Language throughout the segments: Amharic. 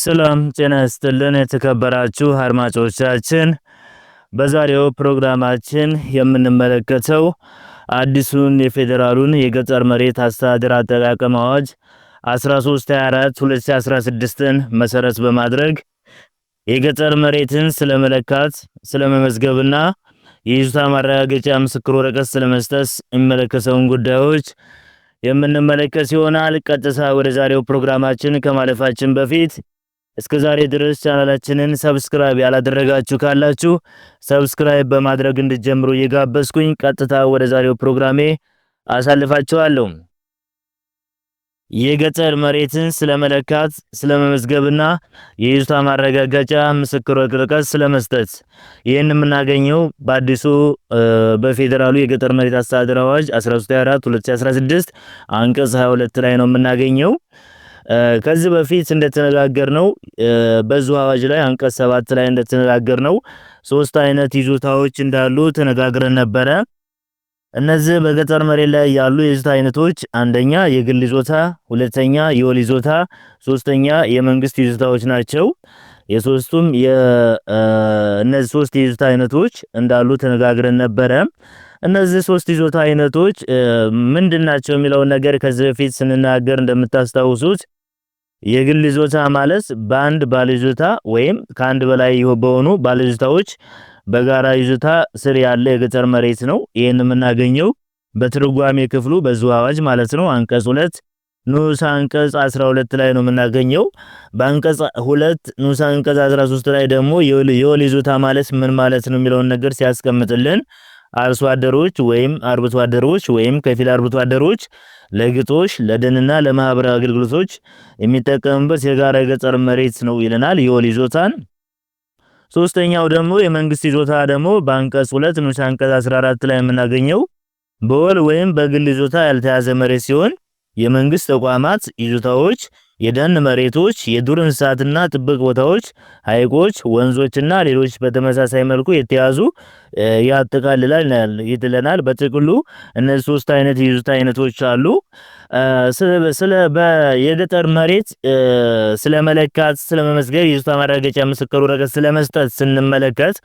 ሰላም ጤና ይስጥልን የተከበራችሁ አድማጮቻችን፣ በዛሬው ፕሮግራማችን የምንመለከተው አዲሱን የፌዴራሉን የገጠር መሬት አስተዳደር አጠቃቀም አዋጅ 1324 2016ን መሰረት በማድረግ የገጠር መሬትን ስለመለካት ስለመመዝገብና የይዞታ ማረጋገጫ ምስክር ወረቀት ስለመስጠት የሚመለከተውን ጉዳዮች የምንመለከት ይሆናል። ቀጥታ ወደ ዛሬው ፕሮግራማችን ከማለፋችን በፊት እስከ ዛሬ ድረስ ቻናላችንን ሰብስክራይብ ያላደረጋችሁ ካላችሁ ሰብስክራይብ በማድረግ እንድጀምሩ እየጋበዝኩኝ ቀጥታ ወደ ዛሬው ፕሮግራሜ አሳልፋችኋለሁ። የገጠር መሬትን ስለመለካት፣ ስለመመዝገብና የይዞታ ማረጋገጫ ምስክር ወረቀት ስለመስጠት ይህን የምናገኘው በአዲሱ በፌዴራሉ የገጠር መሬት አስተዳደር አዋጅ 1324 2016 አንቀጽ 22 ላይ ነው የምናገኘው። ከዚህ በፊት እንደተነጋገር ነው በዙ አዋጅ ላይ አንቀጽ ሰባት ላይ እንደተነጋገር ነው ሶስት አይነት ይዞታዎች እንዳሉ ተነጋግረን ነበረ። እነዚህ በገጠር መሬት ላይ ያሉ የይዞታ አይነቶች አንደኛ የግል ይዞታ፣ ሁለተኛ የወል ይዞታ፣ ሶስተኛ የመንግስት ይዞታዎች ናቸው። የሶስቱም እነዚህ ሶስት የይዞታ አይነቶች እንዳሉ ተነጋግረን ነበረ። እነዚህ ሶስት ይዞታ አይነቶች ምንድን ናቸው የሚለውን ነገር ከዚህ በፊት ስንናገር እንደምታስታውሱት የግል ይዞታ ማለት በአንድ ባለ ይዞታ ወይም ከአንድ በላይ በሆኑ ባለ ዞታዎች በጋራ ይዞታ ስር ያለ የገጠር መሬት ነው። ይህን የምናገኘው በትርጓሜ ክፍሉ በዙ አዋጅ ማለት ነው አንቀጽ ሁለት ንዑስ አንቀጽ 12 ላይ ነው የምናገኘው። በአንቀጽ ሁለት ንዑስ አንቀጽ 13 ላይ ደግሞ የወል ይዞታ ማለት ምን ማለት ነው የሚለውን ነገር ሲያስቀምጥልን አርሶ አደሮች ወይም አርብቶ አደሮች ወይም ከፊል አርብቶ አደሮች ለግጦሽ ለደንና ለማህበራዊ አገልግሎቶች የሚጠቀምበት የጋራ የገጠር መሬት ነው ይለናል የወል ይዞታን። ሶስተኛው ደግሞ የመንግስት ይዞታ ደግሞ በአንቀጽ 2 ንዑስ አንቀጽ 14 ላይ የምናገኘው በወል ወይም በግል ይዞታ ያልተያዘ መሬት ሲሆን የመንግስት ተቋማት ይዞታዎች የደን መሬቶች፣ የዱር እንስሳትና ጥብቅ ቦታዎች፣ ሐይቆች፣ ወንዞችና ሌሎች በተመሳሳይ መልኩ የተያዙ ያጠቃልላል ይትለናል። በጥቅሉ እነዚህ ሶስት አይነት የይዞታ አይነቶች አሉ። የገጠር መሬት ስለመለካት፣ ስለመመስገር፣ የይዞታ ማረጋገጫ ምስክር ወረቀት ስለመስጠት ስንመለከት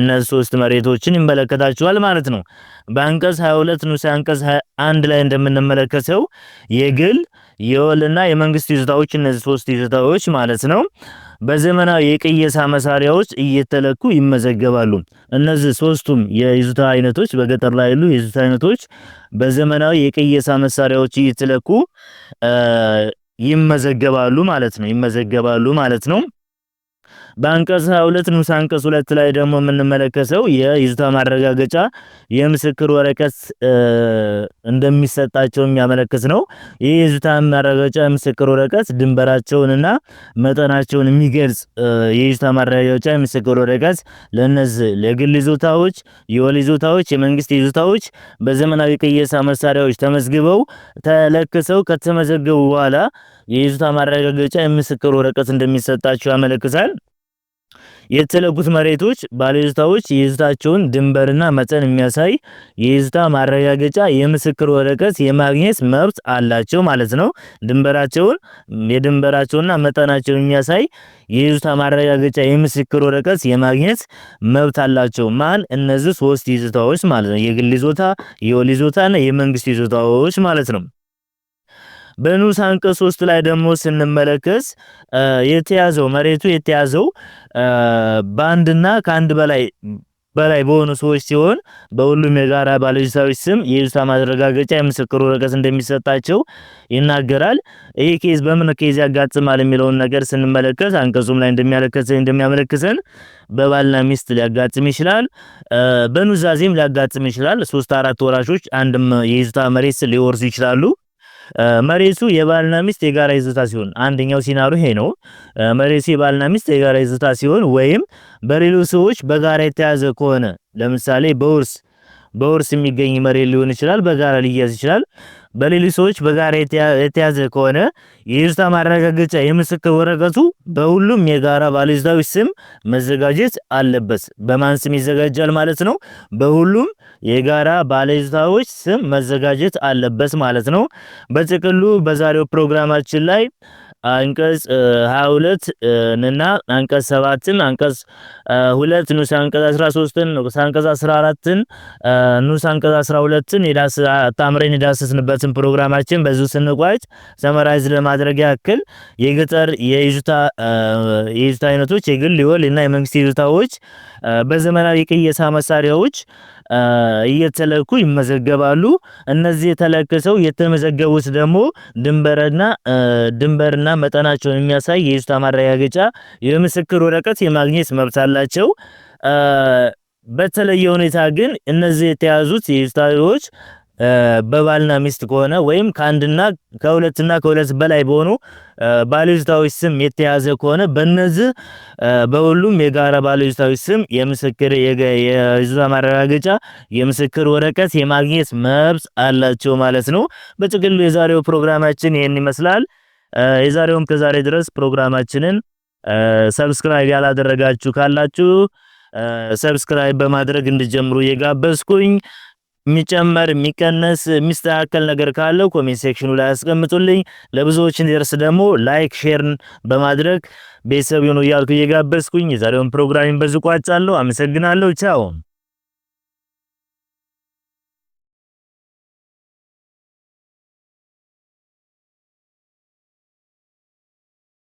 እነዚህ ሶስት መሬቶችን ይመለከታቸዋል ማለት ነው። በአንቀጽ 22 ንዑስ አንቀጽ አንድ ላይ እንደምንመለከተው የግል የወልና የመንግስት ይዞታዎች እነዚህ ሶስት ይዞታዎች ማለት ነው በዘመናዊ የቅየሳ መሳሪያዎች እየተለኩ ይመዘገባሉ። እነዚህ ሶስቱም የይዞታ አይነቶች በገጠር ላይ ያሉ የይዞታ አይነቶች በዘመናዊ የቅየሳ መሳሪያዎች እየተለኩ ይመዘገባሉ ማለት ነው ይመዘገባሉ ማለት ነው። በአንቀጽ 22 ንዑስ አንቀጽ 2 ላይ ደግሞ የምንመለከተው የይዞታ ማረጋገጫ የምስክር ወረቀት እንደሚሰጣቸው የሚያመለክት ነው። ይህ የይዞታ ማረጋገጫ የምስክር ወረቀት ድንበራቸውንና መጠናቸውን የሚገልጽ የይዞታ ማረጋገጫ የምስክር ወረቀት ለነዚህ ለግል ይዞታዎች፣ የወል ይዞታዎች፣ የመንግስት ይዞታዎች በዘመናዊ ቅየሳ መሳሪያዎች ተመዝግበው ተለክሰው ከተመዘገቡ በኋላ የይዞታ ማረጋገጫ የምስክር ወረቀት እንደሚሰጣቸው ያመለክታል። የተለቁት መሬቶች ባለይዞታዎች የይዞታቸውን ድንበርና መጠን የሚያሳይ የይዞታ ማረጋገጫ የምስክር ወረቀት የማግኘት መብት አላቸው ማለት ነው። ድንበራቸውን የድንበራቸውና መጠናቸውን የሚያሳይ የይዞታ ማረጋገጫ የምስክር ወረቀት የማግኘት መብት አላቸው። ማን? እነዚህ ሶስት ይዞታዎች ማለት ነው። የግል ይዞታ፣ የወል ይዞታና የመንግስት ይዞታዎች ማለት ነው። በንዑስ አንቀጽ ሶስት ላይ ደግሞ ስንመለከት የተያዘው መሬቱ የተያዘው በአንድና ከአንድ በላይ በላይ በሆኑ ሰዎች ሲሆን በሁሉም የጋራ ባለይዞታዎች ስም የይዞታ ማረጋገጫ የምስክር ወረቀት እንደሚሰጣቸው ይናገራል። ይህ ኬዝ በምን ኬዝ ያጋጥማል የሚለውን ነገር ስንመለከት አንቀጹም ላይ እንደሚያመለክሰን በባልና ሚስት ሊያጋጥም ይችላል፣ በኑዛዜም ሊያጋጥም ይችላል። ሶስት አራት ወራሾች አንድም የይዞታ መሬት ሊወርሱ ይችላሉ። መሬቱ የባልና ሚስት የጋራ ይዞታ ሲሆን አንደኛው ሲናሩ ይሄ ነው። መሬቱ የባልና ሚስት የጋራ ይዞታ ሲሆን ወይም በሌሎች ሰዎች በጋራ የተያዘ ከሆነ ለምሳሌ በውርስ በውርስ የሚገኝ መሬት ሊሆን ይችላል። በጋራ ሊያዝ ይችላል። በሌሎች ሰዎች በጋራ የተያዘ ከሆነ የይዞታ ማረጋገጫ የምስክር ወረቀቱ በሁሉም የጋራ ባለይዞታዎች ስም መዘጋጀት አለበት። በማን ስም ይዘጋጃል ማለት ነው? በሁሉም የጋራ ባለይዞታዎች ስም መዘጋጀት አለበት ማለት ነው። በጥቅሉ በዛሬው ፕሮግራማችን ላይ አንቀጽ 22 እና አንቀጽ 7 አንቀጽ 2 ንዑስ አንቀጽ 13ን ንዑስ አንቀጽ 14ን ንዑስ አንቀጽ 12ን የዳስ አጣምረን የዳሰስንበትን ፕሮግራማችን በዚሁ ስንቋጭ ሰመራይዝ ለማድረግ ያክል የገጠር የይዞታ የይዞታ አይነቶች የግል ሊወል እና የመንግስት ይዞታዎች በዘመናዊ ቅየሳ መሳሪያዎች እየተለኩ ይመዘገባሉ። እነዚህ የተለከሰው የተመዘገቡት ደግሞ ድንበርና ድንበርና መጠናቸውን የሚያሳይ የይዞታ ማረጋገጫ የምስክር ወረቀት የማግኘት መብት አላቸው። በተለየ ሁኔታ ግን እነዚህ የተያዙት የይዞታዎች በባልና ሚስት ከሆነ ወይም ከአንድና ከሁለትና ከሁለት በላይ በሆኑ ባለጅታዎች ስም የተያዘ ከሆነ በነዚህ በሁሉም የጋራ ባለጅታዎች ስም የምስክር የይዞታ ማረጋገጫ የምስክር ወረቀት የማግኘት መብት አላቸው ማለት ነው። በጥቅሉ የዛሬው ፕሮግራማችን ይህን ይመስላል። የዛሬውም ከዛሬ ድረስ ፕሮግራማችንን ሰብስክራይብ ያላደረጋችሁ ካላችሁ ሰብስክራይብ በማድረግ እንዲጀምሩ እየጋበዝኩኝ የሚጨመር የሚቀነስ የሚስተካከል ነገር ካለው ኮሜንት ሴክሽኑ ላይ አስቀምጡልኝ። ለብዙዎች እንዲደርስ ደግሞ ላይክ ሼርን በማድረግ ቤተሰብ ይሁኑ እያልኩ እየጋበዝኩኝ የዛሬውን ፕሮግራሚን በዚህ ቋጫለሁ። አመሰግናለሁ። ቻው